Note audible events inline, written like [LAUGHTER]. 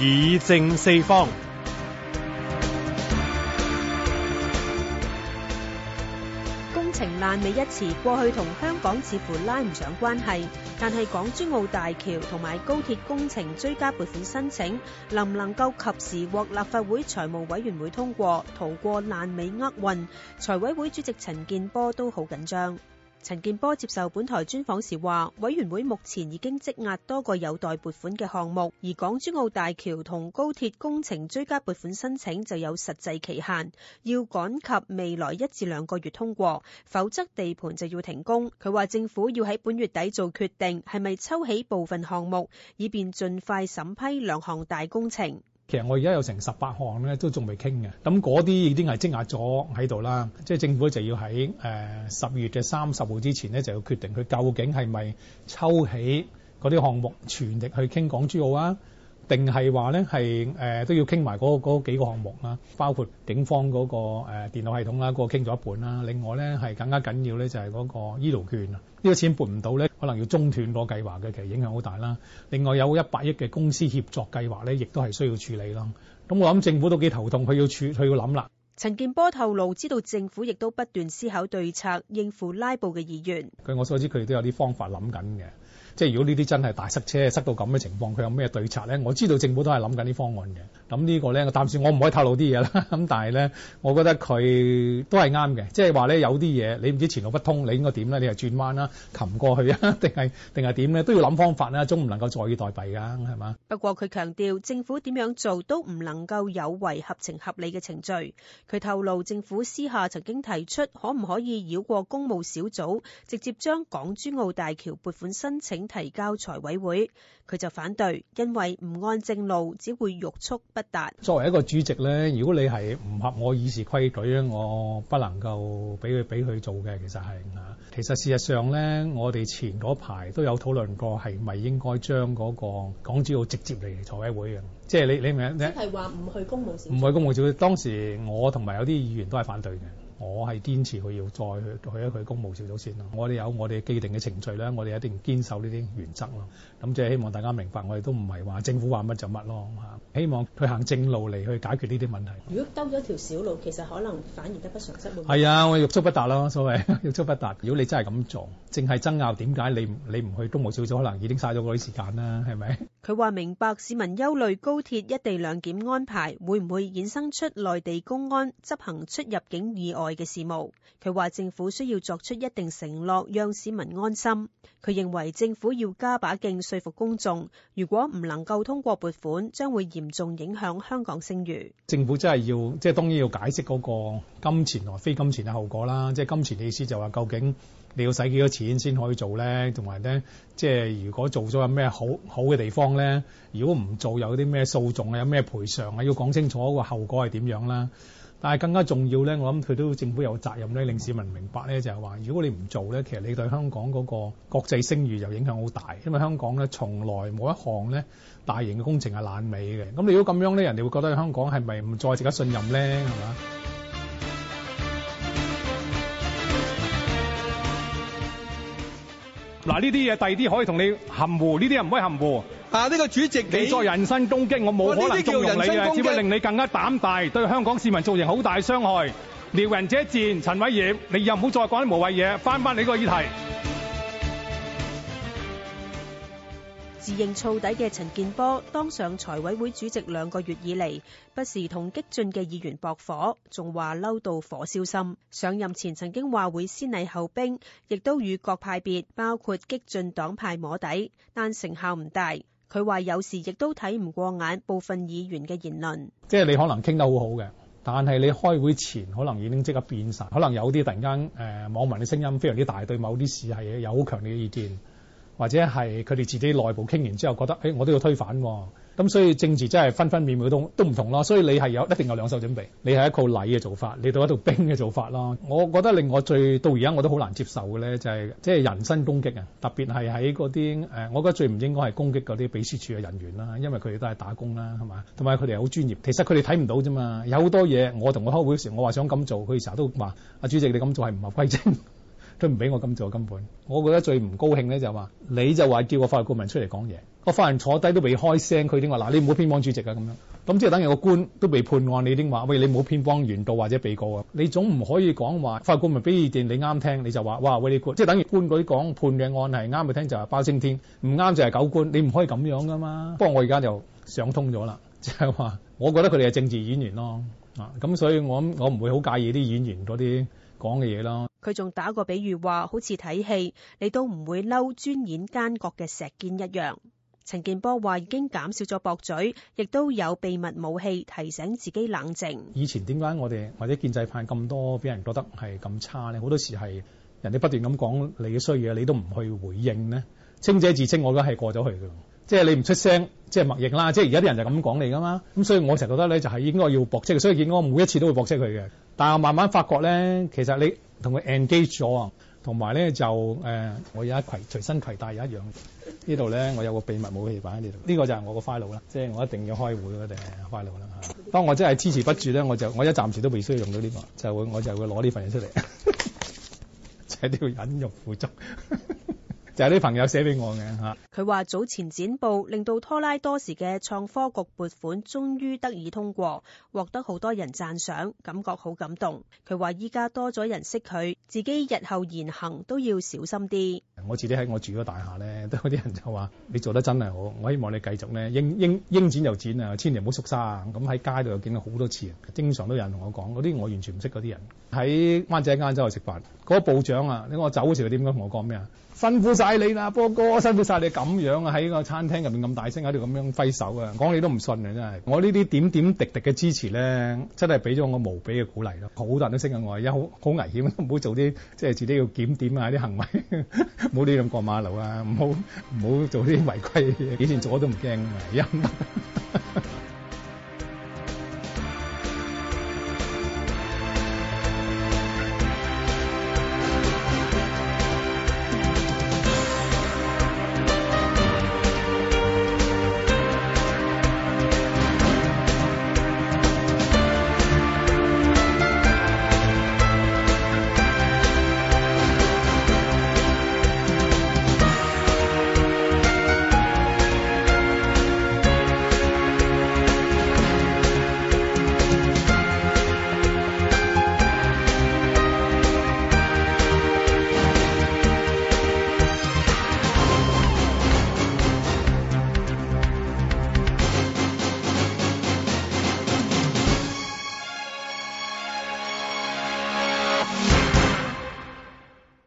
議政四方。工程爛尾一詞，過去同香港似乎拉唔上關係，但係港珠澳大橋同埋高鐵工程追加撥款申請，能唔能夠及時獲立法會財務委員會通過，逃過爛尾厄運？財委會主席陳健波都好緊張。陳健波接受本台專訪時話，委員會目前已經積壓多個有待撥款嘅項目，而港珠澳大橋同高鐵工程追加撥款申請就有實際期限，要趕及未來一至兩個月通過，否則地盤就要停工。佢話政府要喺本月底做決定，係咪抽起部分項目，以便盡快審批兩項大工程。其實我而家有成十八項咧，都仲未傾嘅。咁嗰啲已經係積壓咗喺度啦。即係、就是、政府就要喺誒十月嘅三十號之前咧，就要決定佢究竟係咪抽起嗰啲項目，全力去傾港珠澳啊！定係話咧係誒都要傾埋嗰嗰幾個項目啦，包括警方嗰個電腦系統啦，嗰個傾咗一半啦。另外咧係更加緊要咧就係嗰個醫療券啊，呢個錢撥唔到咧，可能要中斷嗰計劃嘅，其實影響好大啦。另外有一百億嘅公司協作計劃咧，亦都係需要處理啦。咁我諗政府都幾頭痛，佢要處佢要諗啦。陳健波透露，知道政府亦都不斷思考對策，應付拉布嘅議員。據我所知，佢哋都有啲方法諗緊嘅。即係如果呢啲真係大塞車塞到咁嘅情況，佢有咩對策咧？我知道政府都係諗緊啲方案嘅。咁呢個咧，我暫時我唔可以透露啲嘢啦。咁但係咧，我覺得佢都係啱嘅。即係話咧，有啲嘢你唔知前路不通，你應該點咧？你係轉彎啦，擒過去啊，定係定係點咧？都要諗方法啦，總唔能夠坐以待斃㗎，係嘛？不過佢強調，政府點樣做都唔能夠有違合情合理嘅程序。佢透露，政府私下曾經提出，可唔可以繞過工務小組，直接將港珠澳大橋撥款申請。提交財委會，佢就反對，因為唔按正路只會欲速不達。作為一個主席咧，如果你係唔合我議事規矩咧，我不能夠俾佢俾佢做嘅。其實係，其實事實上咧，我哋前嗰排都有討論過，係咪應該將嗰個港珠澳直接嚟財委會嘅？即係你你明？你即係話唔去工務唔去工務時，當時我同埋有啲議員都係反對嘅。我係堅持佢要再去去一去工務小組先咯。我哋有我哋既定嘅程序咧，我哋一定堅守呢啲原則咯。咁即係希望大家明白，我哋都唔係話政府話乜就乜咯吓。希望佢行正路嚟去解決呢啲問題。如果兜咗條小路，其實可能反而得不償失咯。係啊，我欲速不達咯，所謂欲速不達。如果你真係咁做，淨係爭拗點解你唔你唔去工務小組，可能已經嘥咗嗰啲時間啦，係咪？佢話明白市民憂慮高鐵一地兩檢安排會唔會衍生出內地公安執行出入境以外嘅事務。佢話政府需要作出一定承諾，讓市民安心。佢認為政府要加把勁說服公眾，如果唔能夠通過撥款，將會嚴重影響香港聲譽。政府真係要，即係當然要解釋嗰個金錢同非金錢嘅後果啦。即係金錢嘅意思就話究竟。你要使幾多錢先可以做咧？同埋咧，即係如果做咗有咩好好嘅地方咧，如果唔做有啲咩訴訟啊，有咩賠償啊，要講清楚個後果係點樣啦。但係更加重要咧，我諗佢都政府有責任咧，令市民明白咧，就係話如果你唔做咧，其實你對香港嗰個國際聲譽又影響好大，因為香港咧從來冇一項咧大型嘅工程係爛尾嘅。咁你如果咁樣咧，人哋會覺得香港係咪唔再值得信任咧？係嘛？嗱呢啲嘢第二啲可以同你含糊，呢啲唔可以含糊。但係呢、啊呢個主席你，你再人身攻擊，我冇可能縱容你，啊、只會令你更加膽大，對香港市民造成好大傷害。撩人者賤，陳偉業，你又唔好再講啲無謂嘢，翻翻你個議題。自認燥底嘅陳健波，當上財委會主席兩個月以嚟，不時同激進嘅議員駁火，仲話嬲到火燒心。上任前曾經話會先禮後兵，亦都與各派別，包括激進黨派摸底，但成效唔大。佢話有時亦都睇唔過眼部分議員嘅言論，即係你可能傾得好好嘅，但係你開會前可能已經即刻變神，可能有啲突然間誒、呃、網民嘅聲音非常之大，對某啲事係有好強烈嘅意見。或者係佢哋自己內部傾完之後，覺得誒、哎、我都要推翻喎、哦，咁所以政治真係分分秒秒都都唔同咯。所以你係有一定有兩手準備，你係一套禮嘅做法，你到一套兵嘅做法咯。我覺得令我最到而家我都好難接受嘅咧、就是，就係即係人身攻擊啊！特別係喺嗰啲我覺得最唔應該係攻擊嗰啲秘書處嘅人員啦，因為佢哋都係打工啦，係嘛？同埋佢哋係好專業，其實佢哋睇唔到咋嘛。有好多嘢，我同我開會時，我話想咁做，佢哋成日都話，阿主席你，你咁做係唔合規整。」佢唔俾我咁做根本，我覺得最唔高興咧就係話，你就話叫個法律顧問出嚟講嘢，個法人坐低都未開聲，佢已經話？嗱，你唔好偏幫主席啊咁樣，咁即係等於個官都被判案，你已經話？喂，你冇偏幫原告或者被告啊？你總唔可以講話法律顧問俾意見你啱聽你，你就話哇喂你即係等於官啲講判嘅案係啱嘅，聽就係包青天，唔啱就係狗官，你唔可以咁樣噶嘛。不過我而家就想通咗啦，即係話，我覺得佢哋係政治演員咯，啊咁所以我我唔會好介意啲演員嗰啲講嘅嘢咯。佢仲打過比喻話，好似睇戲，你都唔會嬲專演奸角嘅石堅一樣。陳健波話已經減少咗駁嘴，亦都有秘密武器提醒自己冷靜。以前點解我哋或者建制派咁多俾人覺得係咁差咧？好多時係人哋不斷咁講你嘅衰嘢，你都唔去回應呢。清者自清我都，我覺得係過咗去㗎。即係你唔出聲，即係默認啦。即係而家啲人就咁講你噶嘛咁，所以我成日覺得咧就係應該要駁斥，所以見我每一次都會駁斥佢嘅。但係我慢慢發覺咧，其實你。同佢 engage 咗，同埋咧就誒、呃，我而家攜隨身攜帶有一樣，呢度咧我有個秘密武器擺喺呢度，呢、這個就係我個 file 啦，即係我一定要開會嗰啲 file 啦當我真係支持不住咧，我就我一暫時都未需要用到呢、這個，就會我就會攞呢份嘢出嚟，這 [LAUGHS] 要忍辱負重。有啲朋友寫俾我嘅嚇，佢話早前剪布令到拖拉多時嘅創科局撥款終於得以通過，獲得好多人讚賞，感覺好感動。佢話依家多咗人識佢，自己日後言行都要小心啲。我自己喺我住嗰大廈咧，都有啲人就話你做得真係好，我希望你繼續咧，應應應剪又剪啊，千祈唔好縮沙啊。咁喺街度又見到好多次，經常都有人同我講嗰啲，嗰啲我完全唔識嗰啲人喺灣仔間走去食飯嗰個部長啊。你我走嗰時佢點解同我講咩啊？辛苦曬你啦，波哥，辛苦曬你咁樣啊！喺個餐廳入面咁大聲喺度咁樣揮手啊，講你都唔信啊！真係，我呢啲點點滴滴嘅支持咧，真係俾咗我無比嘅鼓勵咯。好多人都識緊我，有好危險，唔好做啲即係自己要檢點啊啲行為，唔好亂咁過馬路啊，唔好唔好做啲違規嘅嘢，以前做咗都唔驚啊！